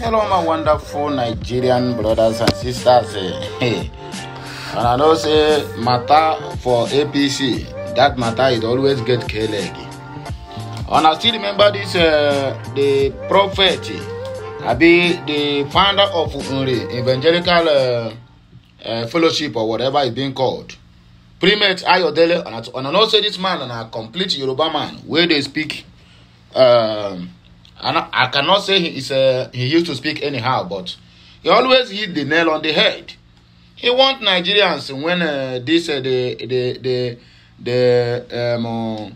Hello, my wonderful Nigerian brothers and sisters. Hey, and I know say matter for APC, that matter it always get killed. And I still remember this uh, the prophet, I be the founder of Unri Evangelical uh, uh, Fellowship or whatever it's being called. Primate Ayodele, and I, and I know say this man and a complete Yoruba man where they speak. Um, And I, cannot say he, is a, uh, he used to speak anyhow, but he always hit the nail on the head. He want Nigerians when uh, this uh, the the the the um,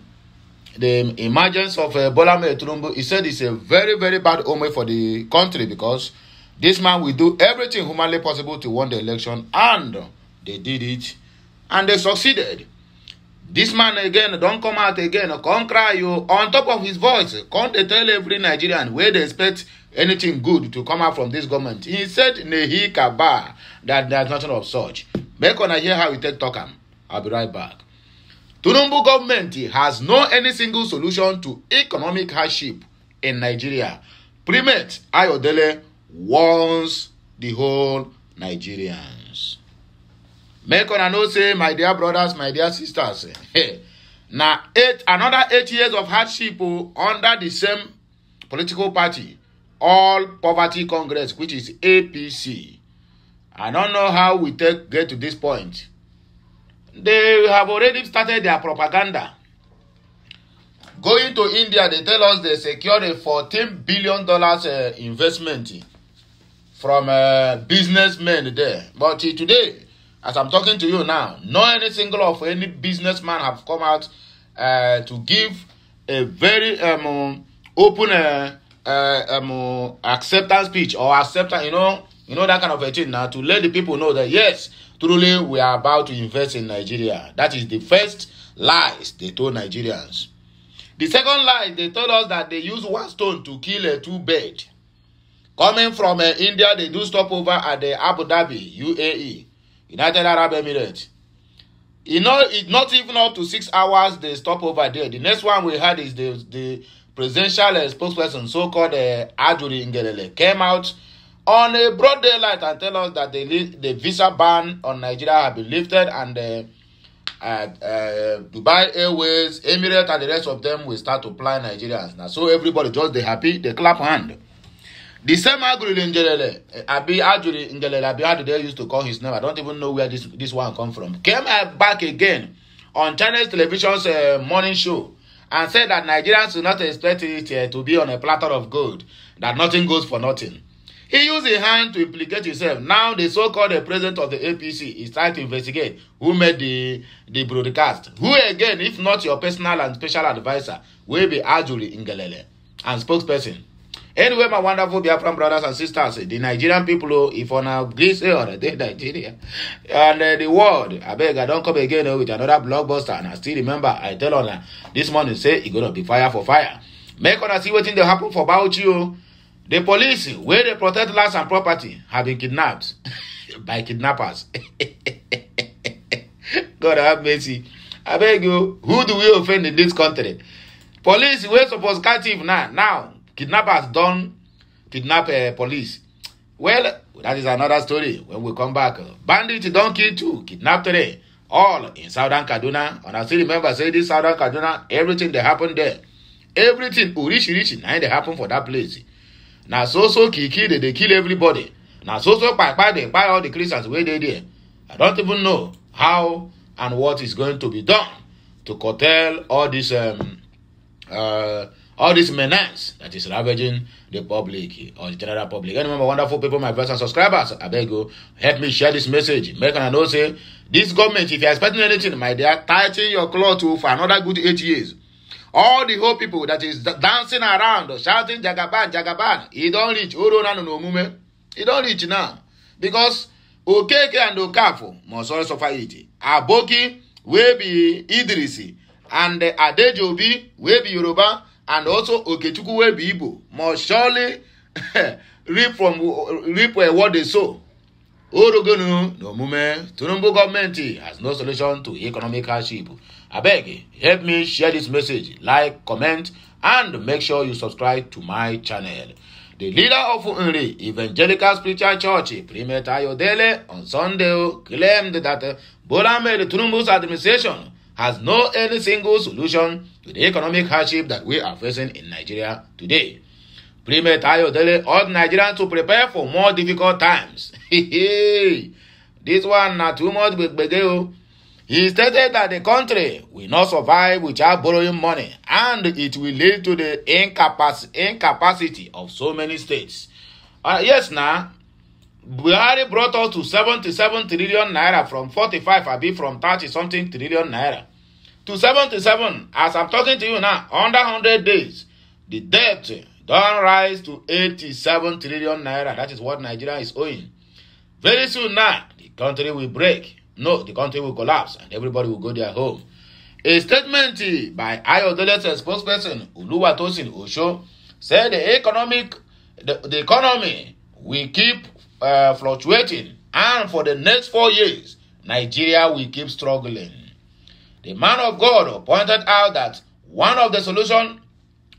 the emergence of uh, Bola Tinubu. He said it's a very very bad omen for the country because this man will do everything humanly possible to win the election, and they did it, and they succeeded. This man again don come out again, come cry you on top of his voice. Come they tell every Nigerian where they expect anything good to come out from this government. He said Nehi Kaba that there's nothing of such. Make on I hear how we take talk him. I'll be right back. Tunumbu government has no any single solution to economic hardship in Nigeria. Primate Ayodele warns the whole Nigerian. make una know say my dear brothers my dear sisters hey, eh, eh, na eight another eight years of hardship oh, under the same political party all poverty congress which is apc i don't know how we take get to this point they have already started their propaganda going to india they tell us they secured a 14 billion dollars uh, investment from uh, businessmen there but uh, today as i'm talking to you now no any single of any businessman have come out uh, to give a very um, open uh, uh, um, acceptance speech or acceptance you know you know that kind of a thing now to let the people know that yes truly we are about to invest in nigeria that is the first lies they told nigerians the second lie they told us that they use one stone to kill a two bird coming from uh, india they do stop over at the abu dhabi uae United Arab Emirates. You know, it's not even up to six hours they stop over there. The next one we had is the the presidential uh, spokesperson, so-called uh, Ajuri Ngelele, came out on a broad daylight and tell us that the the visa ban on Nigeria had been lifted and uh, uh, Dubai Airways, Emirates, and the rest of them will start to fly Nigerians. Now, so everybody just they happy, they clap hand. The same Agurili eh, Njelele, Abi Ajuri Njelele, Abi how they used to call his name? I don't even know where this, this one come from. Came eh, back again on Chinese television's uh, morning show and said that Nigerians do not expect it uh, to be on a platter of gold, that nothing goes for nothing. He used a hand to implicate himself. Now the so-called president of the APC is trying to investigate who made the, the broadcast. Who again, if not your personal and special adviser, will be Ajuri Ngelele and spokesperson Anyway, my wonderful Biafran brothers and sisters, the Nigerian people, oh, if on a Greece or the Nigeria, and uh, the world, I beg, I don't come again uh, with another blockbuster. And I still remember, I tell on this morning, say, it's gonna be fire for fire. Make on see what thing they happen for Bauchi. Oh. The police, where they protect lands and property, have been kidnapped by kidnappers. God have mercy. I beg you, who do we offend in this country? Police, we're supposed captive now. Now, kidnappers don kidnap uh, police well that is another story when we come back uh, eh, bandits don kill two kidnap three all in southern kaduna and i still remember saying this southern kaduna everything that happened there everything oríṣiríṣi na dey happen for that place Now so so kiki they, they kill everybody Now so so kpakpa they buy all the christians where they there i don't even know how and what is going to be done to curtail all this um, uh, all these menace eh, that is ravaging the public or the general public. Anyway, my wonderful people, my viewers and subscribers, I beg you, help me share this message. Make an know say, this government, if you're expecting anything, my dear, tighten your cloth for another good eight years. All the whole people that is dancing around, shouting, Jagaban, Jagaban, it don't reach. It oh, don't reach now. Because Okeke and Okafu must also suffer it. Aboki will be Idrisi and Adejobi will be Yoruba and also Okechukwu will be Igbo must surely reap from reap what they sow. Orogonu n'omume Tinubu government has no solution to economic hardship. I beg you, help me share this message, like, comment, and make sure you subscribe to my channel. The leader of Unri Evangelical Spiritual Church, Premier Tayo Dele, on Sunday claimed that Bola made administration has no any single solution to the economic hardship that we are facing in Nigeria today. Premier Tayo Dele urged Nigerians to prepare for more difficult times. this one na too much gbege o. He stated that the country will not survive without borrowing money and it will lead to the incapac incapacity of so many states. Uh, yes, now, Buhari brought us to 77 trillion naira from 45 abi from 30 something trillion naira to 77 as I'm talking to you now under 100 days the debt don rise to 87 trillion naira that is what Nigeria is owing very soon now the country will break no the country will collapse and everybody will go their home a statement by Ayodele spokesperson Oluwatosin Osho said the economic the, the economy we keep uh, fluctuating, and for the next four years, Nigeria will keep struggling. The man of God pointed out that one of the solutions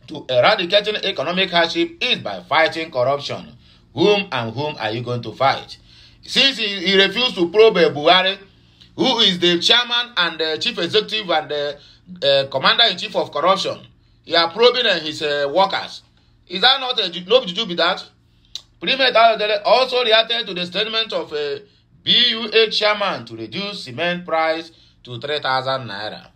to eradicating economic hardship is by fighting corruption. Whom and whom are you going to fight? Since he, refused to probe Buhari, who is the chairman and the chief executive and the uh, commander in chief of corruption, he are probing his uh, workers. Is that not a no juju be that? Premier also reacted to the statement of a BUA chairman to reduce cement price to 3,000 naira.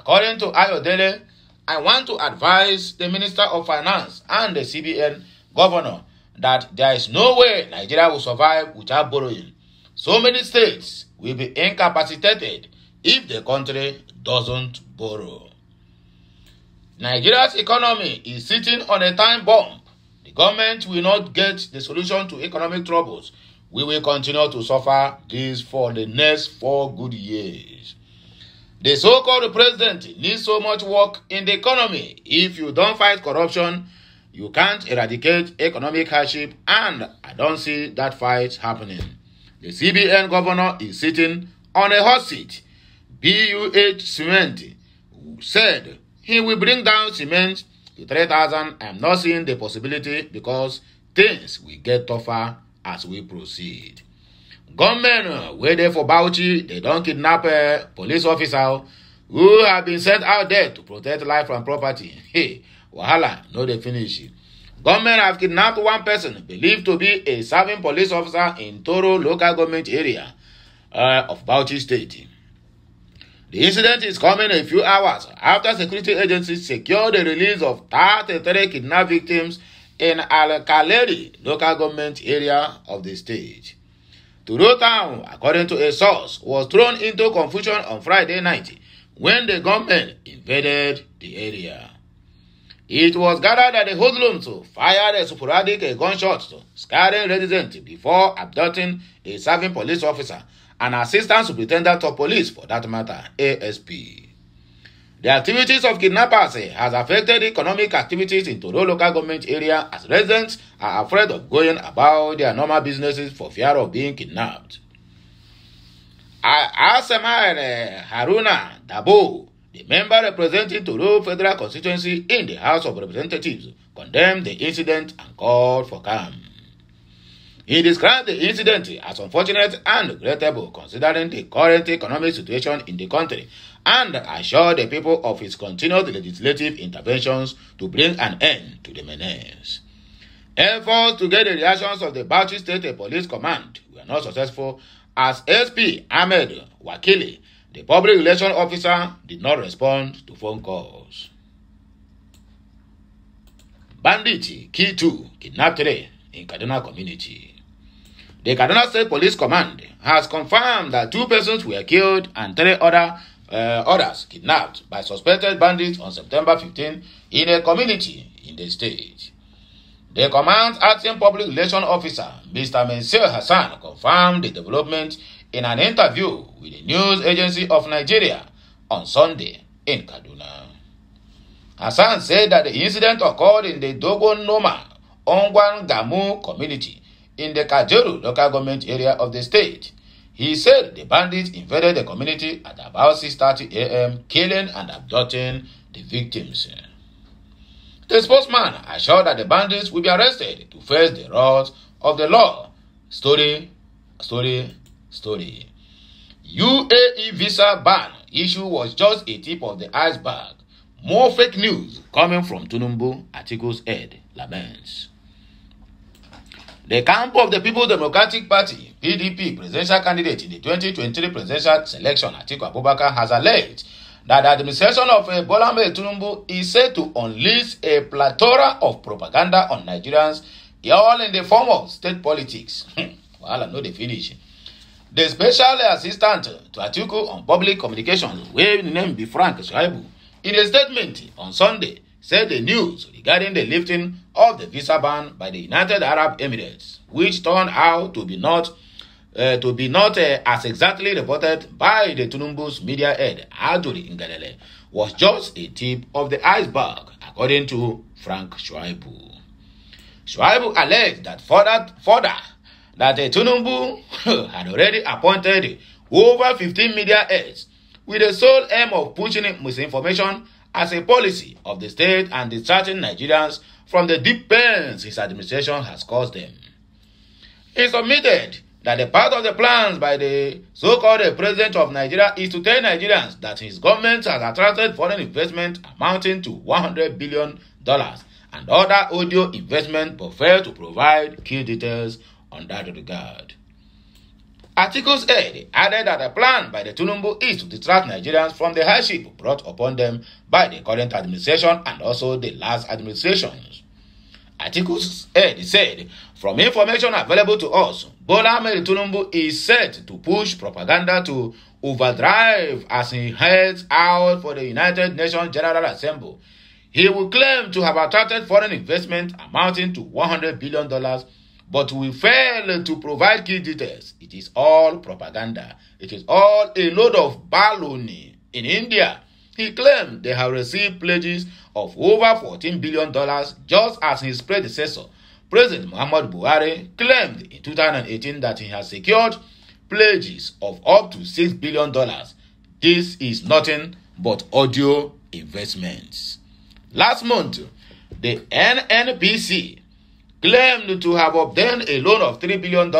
According to Ayodele, I want to advise the Minister of Finance and the CBN governor that there is no way Nigeria will survive without borrowing. So many states will be incapacitated if the country doesn't borrow. Nigeria's economy is sitting on a time bomb Government will not get the solution to economic troubles. We will continue to suffer this for the next four good years. The so-called president needs so much work in the economy. If you don't fight corruption, you can't eradicate economic hardship and I don't see that fight happening. The CBN governor is sitting on a hot seat. BUH Cement said he will bring down cement to 3,000, I'm not seeing the possibility because things will get tougher as we proceed. Gunmen uh, wey dey for Bauchi, they don kidnap uh, police officer who have been sent out there to protect life and property. Hey, wahala no dey finish. Gunmen have kidnapped one person believed to be a serving police officer in Toro local government area uh, of Bauchi state. The incident is coming a few hours after security agencies secured the release of 33 kidnapped victims in Al Kaleri local government area of the state. Turo town, according to a source, was thrown into confusion on Friday night when the government invaded the area. It was gathered that the hoodlums fired a sporadic gunshot, scaring residents before abducting a serving police officer and Assistant Superintendent of Police for that matter, ASP. The activities of kidnappers eh, has affected economic activities in Toro local government area as residents are afraid of going about their normal businesses for fear of being kidnapped. Asemar eh, Haruna Dabo, the member representing Toro Federal Constituency in the House of Representatives, condemned the incident and called for calm. He described the incident as unfortunate and regrettable considering the current economic situation in the country and assured the people of his continued legislative interventions to bring an end to the menace. Efforts to get the reactions of the Bauchi State Police Command were not successful as SP Ahmed Wakili, the public relations officer, did not respond to phone calls. Banditi, killed two, kidnapped three in Kaduna community. The Kaduna State Police Command has confirmed that two persons were killed and three other, uh, others kidnapped by suspected bandits on September 15 in a community in the state. The command's acting public relations officer, Mr. Mensel Hassan, confirmed the development in an interview with the news agency of Nigeria on Sunday in Kaduna. Hassan said that the incident occurred in the Dogonoma Noma Ongwan Gamu community in the Kajeru local government area of the state. He said the bandits invaded the community at about 6.30 a.m., killing and abducting the victims. The spokesman assured that the bandits will be arrested to face the wrath of the law. Story, story, story. UAE visa ban issue was just a tip of the iceberg. More fake news coming from Tunumbu, article's head laments. The camp of the People Democratic Party (PDP) presidential candidate in the 2023 presidential election, Atiku Abubakar, has alleged that the administration of uh, Bola Tinubu is set to unleash a plethora of propaganda on Nigerians, all in the form of state politics. Wahala no dey finish. The special assistant to Atiku on public communications, wey im name be Frank Shaibu, in a statement on Sunday said the news regarding the lifting of the visa ban by the United Arab Emirates, which turned out to be not uh, to be not uh, as exactly reported by the Tunumbu's media head, Aduri Ngalele, was just a tip of the iceberg, according to Frank Schwaibu. Schwaibu alleged that further, further that the Tunumbu had already appointed over 15 media heads with the sole aim of pushing misinformation as a policy of the state and distracting Nigerians from the deep pains his administration has caused them. He submitted that the part of the plans by the so-called president of Nigeria is to tell Nigerians that his government has attracted foreign investment amounting to $100 billion and other audio investment but failed to provide key details on that regard. Articles head added that the plan by the Tunumbu is to distract Nigerians from the hardship brought upon them by the current administration and also the last administrations. Articles head said, from information available to us, Bola Ahmed Tunumbu is set to push propaganda to overdrive as he heads out for the United Nations General Assembly. He will claim to have attracted foreign investment amounting to $100 billion but we fail to provide key details. It is all propaganda. It is all a load of baloney. In India, he claimed they have received pledges of over fourteen billion dollars. just as his predecessor, President Muhammad Buhari, claimed in 2018 that he has secured pledges of up to six billion. dollars. This is nothing but audio investments. Last month, the NNPC claimed to have obtained a loan of $3 billion,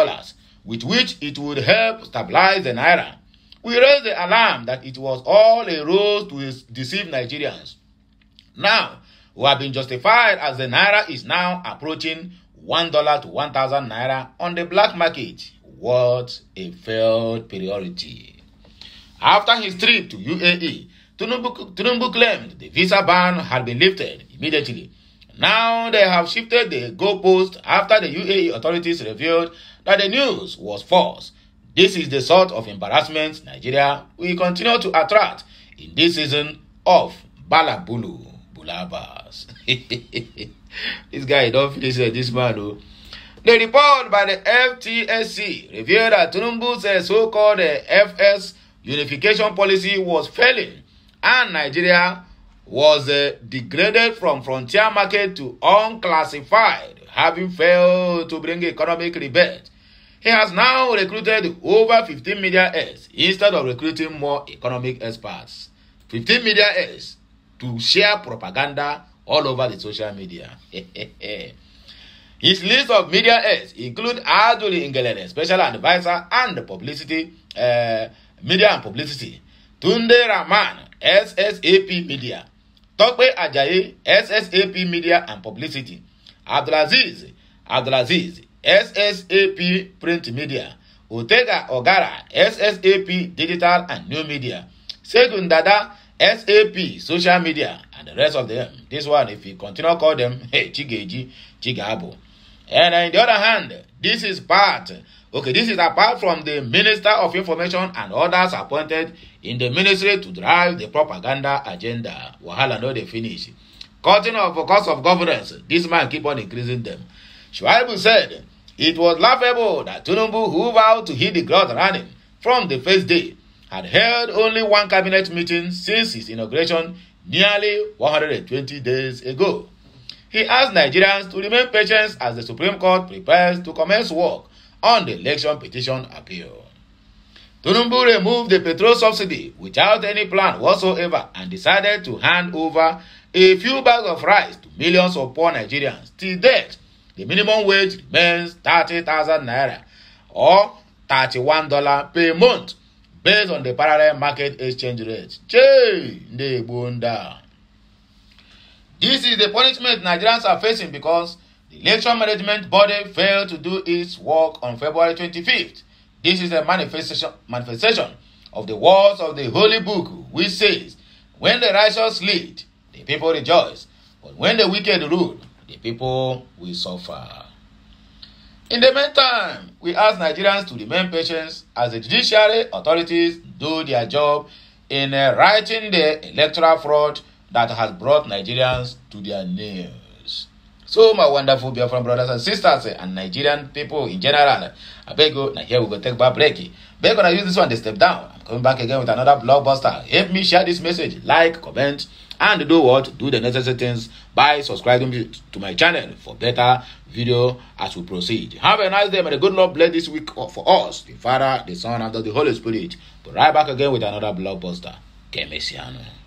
with which it would help stabilize the naira. We raised the alarm that it was all a ruse to deceive Nigerians. Now, we have been justified as the naira is now approaching $1 to 1,000 naira on the black market. What a failed priority. After his trip to UAE, Tinubu, claimed the visa ban had been lifted immediately Now they have shifted the goalpost after the UAE authorities revealed that the news was false. This is the sort of embarrassment Nigeria will continue to attract in this season of Balabulu Bulabas. this guy don't finish uh, this man though. The report by the FTSC revealed that Tunumbu's uh, so-called uh, eh, FS unification policy was failing and Nigeria was uh, degraded from frontier market to unclassified, having failed to bring economic rebate. He has now recruited over 15 media aides instead of recruiting more economic experts. 15 media aides to share propaganda all over the social media. His list of media aides include Aduli Ingelele, special advisor and publicity, uh, media and publicity, Tunde Rahman, SSAP Media, Tọ́pẹ́ Ajayi SSAP Media and Publicity Abdulaziz Abdulaziz SSAP Print Media Otega Ogara SSAP Digital and New Media Segun Dada SAP Social Media and the rest of them. This one, if you continue call them, hey, Chigeji, Chigabo. And on the other hand, this is part Okay, this is apart from the Minister of Information and others appointed in the ministry to drive the propaganda agenda. Wahala no they finish. Cutting of cost of governance, this man keep on increasing them. Shuaibu said, it was laughable that Tinubu, who vowed to hit the ground running from the first day, had held only one cabinet meeting since his inauguration nearly 120 days ago. He asked Nigerians to remain patient as the Supreme Court prepares to commence work on the election petition appeal. Tinubu removed the petrol subsidy without any plan whatsoever and decided to hand over a few bags of rice to millions of poor Nigerians. Till date, the minimum wage remains thirty thousand naira or thirty-one $31 per month based on the parallel market exchange rate. This is the punishment Nigerians are facing because The management body failed to do its work on February 25th. This is a manifestation, manifestation of the words of the Holy Book, which says, When the righteous lead, the people rejoice, but when the wicked rule, the people will suffer. In the meantime, we ask Nigerians to remain patient as the judiciary authorities do their job in uh, writing the electoral fraud that has brought Nigerians to their knees. So, my wonderful Biafran brothers and sisters and Nigerian people in general, I beg you, now here we go take back break. Beg gonna use this one to step down. I'm coming back again with another blockbuster. Help me share this message, like, comment, and do what? Do the necessary things by subscribing to my channel for better video as we proceed. Have a nice day. and a good Lord bless this week for us, the Father, the Son, and the Holy Spirit. But right back again with another blockbuster. Que